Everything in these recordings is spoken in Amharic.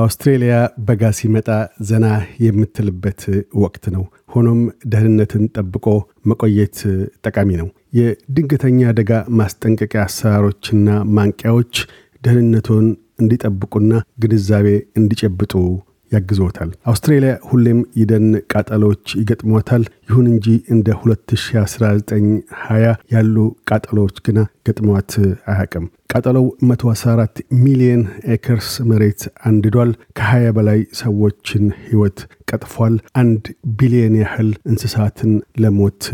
አውስትሬሊያ በጋ ሲመጣ ዘና የምትልበት ወቅት ነው። ሆኖም ደህንነትን ጠብቆ መቆየት ጠቃሚ ነው። የድንገተኛ አደጋ ማስጠንቀቂያ አሰራሮችና ማንቂያዎች ደህንነቱን እንዲጠብቁና ግንዛቤ እንዲጨብጡ ያግዞታል። አውስትሬልያ ሁሌም የደን ቃጠሎች ይገጥሟታል። ይሁን እንጂ እንደ 2019 20 ያሉ ቃጠሎዎች ግና ገጥሟት አያቅም። ቃጠሎው 114 ሚሊየን ኤከርስ መሬት አንድዷል። ከ20 በላይ ሰዎችን ህይወት ቀጥፏል። አንድ ቢሊየን ያህል እንስሳትን ለሞት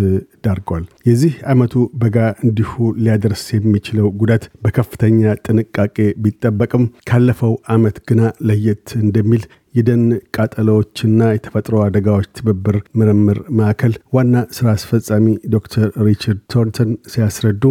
ዳርጓል። የዚህ ዓመቱ በጋ እንዲሁ ሊያደርስ የሚችለው ጉዳት በከፍተኛ ጥንቃቄ ቢጠበቅም ካለፈው ዓመት ግና ለየት እንደሚል የደን ቃጠሎዎችና የተፈጥሮ አደጋዎች ትብብር ምርምር ማዕከል ዋና ሥራ አስፈጻሚ ዶክተር ሪቻርድ ቶርንተን ሲያስረዱ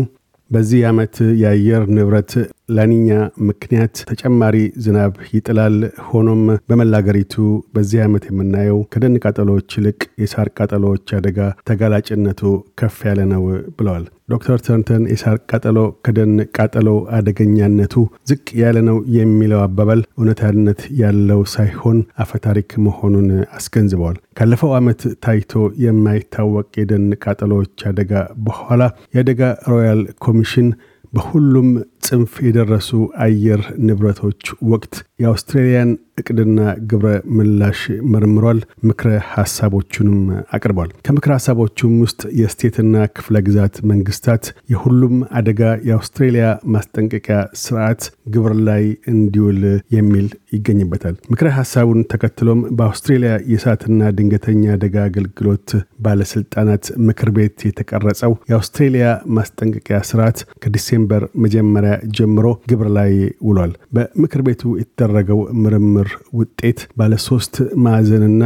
በዚህ ዓመት የአየር ንብረት ላኒኛ ምክንያት ተጨማሪ ዝናብ ይጥላል። ሆኖም በመላገሪቱ በዚህ ዓመት የምናየው ከደን ቃጠሎዎች ይልቅ የሳር ቃጠሎዎች አደጋ ተጋላጭነቱ ከፍ ያለ ነው ብለዋል ዶክተር ተርንተን። የሳር ቃጠሎ ከደን ቃጠሎ አደገኛነቱ ዝቅ ያለ ነው የሚለው አባባል እውነታነት ያለው ሳይሆን አፈታሪክ መሆኑን አስገንዝበዋል። ካለፈው ዓመት ታይቶ የማይታወቅ የደን ቃጠሎዎች አደጋ በኋላ የአደጋ ሮያል ኮሚሽን በሁሉም ጽንፍ የደረሱ አየር ንብረቶች ወቅት የአውስትሬልያን እቅድና ግብረ ምላሽ መርምሯል። ምክረ ሀሳቦቹንም አቅርቧል። ከምክረ ሀሳቦቹም ውስጥ የስቴትና ክፍለ ግዛት መንግስታት የሁሉም አደጋ የአውስትሬልያ ማስጠንቀቂያ ስርዓት ግብር ላይ እንዲውል የሚል ይገኝበታል። ምክረ ሀሳቡን ተከትሎም በአውስትሬልያ የእሳትና ድንገተኛ አደጋ አገልግሎት ባለስልጣናት ምክር ቤት የተቀረጸው የአውስትሬልያ ማስጠንቀቂያ ስርዓት ከዲሴምበር መጀመሪያ ጀምሮ ግብር ላይ ውሏል። በምክር ቤቱ የተደረገው ምርምር ውጤት ባለ ሶስት ማዕዘንና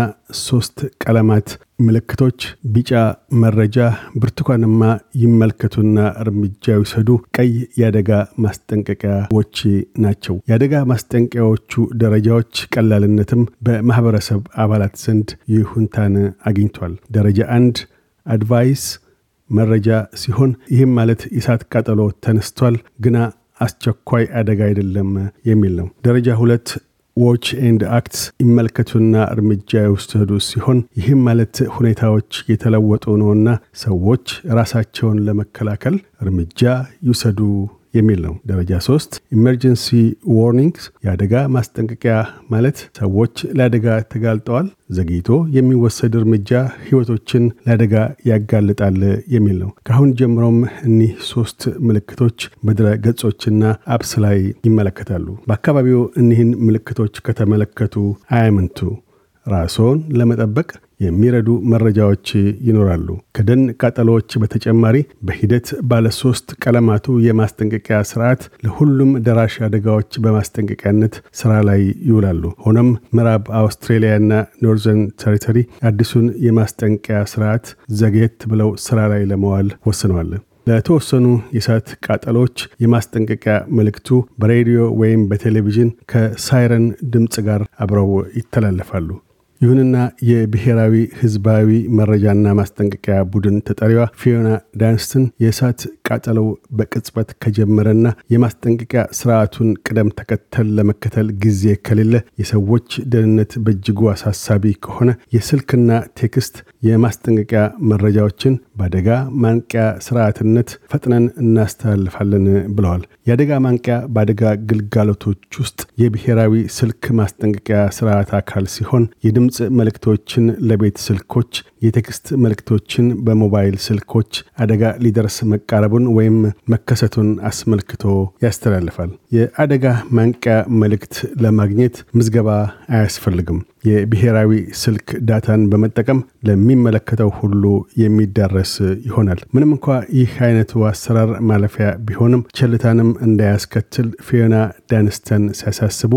ሶስት ቀለማት ምልክቶች ቢጫ መረጃ፣ ብርቱካንማ ይመልከቱና እርምጃ ይውሰዱ፣ ቀይ የአደጋ ማስጠንቀቂያዎች ናቸው። የአደጋ ማስጠንቀቂያዎቹ ደረጃዎች ቀላልነትም በማህበረሰብ አባላት ዘንድ ይሁንታን አግኝቷል። ደረጃ አንድ አድቫይስ መረጃ ሲሆን ይህም ማለት የእሳት ቃጠሎ ተነስቷል ግና አስቸኳይ አደጋ አይደለም የሚል ነው። ደረጃ ሁለት ዎች ኤንድ አክት ይመልከቱና እርምጃ የውስድ ሲሆን ይህም ማለት ሁኔታዎች የተለወጡ ነውና ሰዎች ራሳቸውን ለመከላከል እርምጃ ይውሰዱ የሚል ነው። ደረጃ ሶስት ኢመርጀንሲ ዋርኒንግስ የአደጋ ማስጠንቀቂያ ማለት ሰዎች ለአደጋ ተጋልጠዋል፣ ዘግይቶ የሚወሰድ እርምጃ ህይወቶችን ለአደጋ ያጋልጣል የሚል ነው። ከአሁን ጀምሮም እኒህ ሶስት ምልክቶች በድረ ገጾችና አፕስ ላይ ይመለከታሉ። በአካባቢው እኒህን ምልክቶች ከተመለከቱ አያምንቱ። ራስዎን ለመጠበቅ የሚረዱ መረጃዎች ይኖራሉ። ከደን ቃጠሎዎች በተጨማሪ በሂደት ባለሶስት ቀለማቱ የማስጠንቀቂያ ስርዓት ለሁሉም ደራሽ አደጋዎች በማስጠንቀቂያነት ስራ ላይ ይውላሉ። ሆኖም ምዕራብ አውስትሬሊያና ኖርዘርን ቴሪተሪ አዲሱን የማስጠንቀቂያ ስርዓት ዘግየት ብለው ስራ ላይ ለመዋል ወስነዋል። ለተወሰኑ የእሳት ቃጠሎች የማስጠንቀቂያ መልእክቱ በሬዲዮ ወይም በቴሌቪዥን ከሳይረን ድምፅ ጋር አብረው ይተላለፋሉ። ይሁንና የብሔራዊ ህዝባዊ መረጃና ማስጠንቀቂያ ቡድን ተጠሪዋ ፊዮና ዳንስትን የእሳት ቃጠለው በቅጽበት ከጀመረና የማስጠንቀቂያ ስርዓቱን ቅደም ተከተል ለመከተል ጊዜ ከሌለ የሰዎች ደህንነት በእጅጉ አሳሳቢ ከሆነ የስልክና ቴክስት የማስጠንቀቂያ መረጃዎችን በአደጋ ማንቂያ ስርዓትነት ፈጥነን እናስተላልፋለን ብለዋል። የአደጋ ማንቂያ በአደጋ ግልጋሎቶች ውስጥ የብሔራዊ ስልክ ማስጠንቀቂያ ስርዓት አካል ሲሆን የድምፅ መልእክቶችን ለቤት ስልኮች፣ የቴክስት መልእክቶችን በሞባይል ስልኮች አደጋ ሊደርስ መቃረቡ መቅረቡን ወይም መከሰቱን አስመልክቶ ያስተላልፋል። የአደጋ ማንቂያ መልእክት ለማግኘት ምዝገባ አያስፈልግም። የብሔራዊ ስልክ ዳታን በመጠቀም ለሚመለከተው ሁሉ የሚዳረስ ይሆናል። ምንም እንኳ ይህ አይነቱ አሰራር ማለፊያ ቢሆንም ቸልታንም እንዳያስከትል ፊዮና ዳንስተን ሲያሳስቡ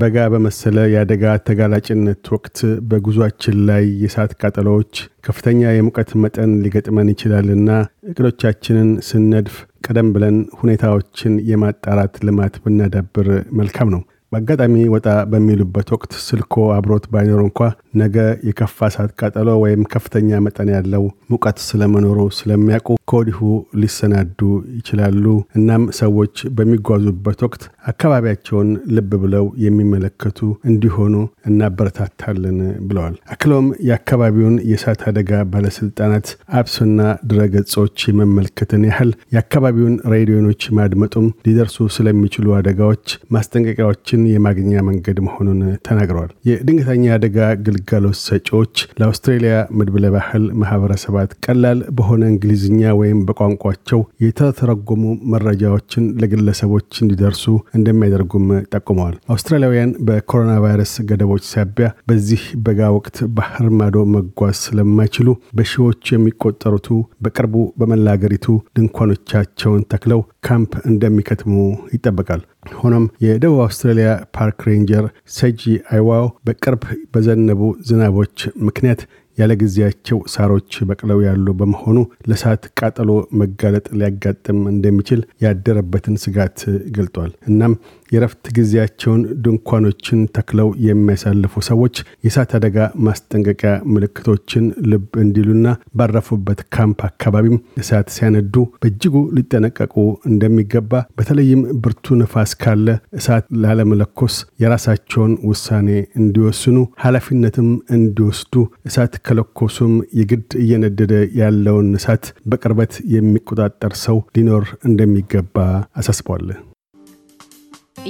በጋ በመሰለ የአደጋ ተጋላጭነት ወቅት በጉዟችን ላይ የእሳት ቃጠሎዎች፣ ከፍተኛ የሙቀት መጠን ሊገጥመን ይችላልና እቅዶቻችንን ስነድፍ ቀደም ብለን ሁኔታዎችን የማጣራት ልማት ብናዳብር መልካም ነው። በአጋጣሚ ወጣ በሚሉበት ወቅት ስልኮ አብሮት ባይኖር እንኳ ነገ የከፋ ሰዓት ቃጠሎ ወይም ከፍተኛ መጠን ያለው ሙቀት ስለመኖሩ ስለሚያውቁ ከወዲሁ ሊሰናዱ ይችላሉ። እናም ሰዎች በሚጓዙበት ወቅት አካባቢያቸውን ልብ ብለው የሚመለከቱ እንዲሆኑ እናበረታታለን ብለዋል። አክለውም የአካባቢውን የእሳት አደጋ ባለስልጣናት አፕስና ድረገጾች የመመልከትን ያህል የአካባቢውን ሬዲዮኖች ማድመጡም ሊደርሱ ስለሚችሉ አደጋዎች ማስጠንቀቂያዎችን ሰዎችን የማግኛ መንገድ መሆኑን ተናግረዋል። የድንገተኛ አደጋ ግልጋሎት ሰጪዎች ለአውስትሬሊያ ምድብ ባህል ማህበረሰባት ቀላል በሆነ እንግሊዝኛ ወይም በቋንቋቸው የተተረጎሙ መረጃዎችን ለግለሰቦች እንዲደርሱ እንደሚያደርጉም ጠቁመዋል። አውስትራሊያውያን በኮሮና ቫይረስ ገደቦች ሳቢያ በዚህ በጋ ወቅት ባህር ማዶ መጓዝ ስለማይችሉ በሺዎች የሚቆጠሩቱ በቅርቡ በመላ አገሪቱ ድንኳኖቻቸውን ተክለው ካምፕ እንደሚከትሙ ይጠበቃል። ሆኖም የደቡብ አውስትራሊያ ፓርክ ሬንጀር ሰጂ አይዋው በቅርብ በዘነቡ ዝናቦች ምክንያት ያለ ጊዜያቸው ሳሮች በቅለው ያሉ በመሆኑ ለእሳት ቃጠሎ መጋለጥ ሊያጋጥም እንደሚችል ያደረበትን ስጋት ገልጧል። እናም የረፍት ጊዜያቸውን ድንኳኖችን ተክለው የሚያሳልፉ ሰዎች የእሳት አደጋ ማስጠንቀቂያ ምልክቶችን ልብ እንዲሉና ባረፉበት ካምፕ አካባቢም እሳት ሲያነዱ በእጅጉ ሊጠነቀቁ እንደሚገባ በተለይም ብርቱ ነፋስ ካለ እሳት ላለመለኮስ የራሳቸውን ውሳኔ እንዲወስኑ ኃላፊነትም እንዲወስዱ እሳት ከለኮሱም የግድ እየነደደ ያለውን እሳት በቅርበት የሚቆጣጠር ሰው ሊኖር እንደሚገባ አሳስቧል።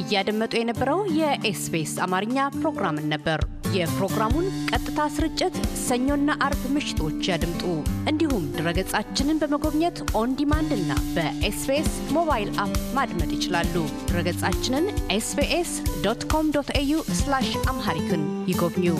እያደመጡ የነበረው የኤስቢኤስ አማርኛ ፕሮግራምን ነበር። የፕሮግራሙን ቀጥታ ስርጭት ሰኞና አርብ ምሽቶች ያድምጡ። እንዲሁም ድረገጻችንን በመጎብኘት ኦን ዲማንድ እና በኤስቢኤስ ሞባይል አፕ ማድመጥ ይችላሉ። ድረገጻችንን ኤስቢኤስ ዶት ኮም ዶት ኤዩ አምሃሪክን ይጎብኙ።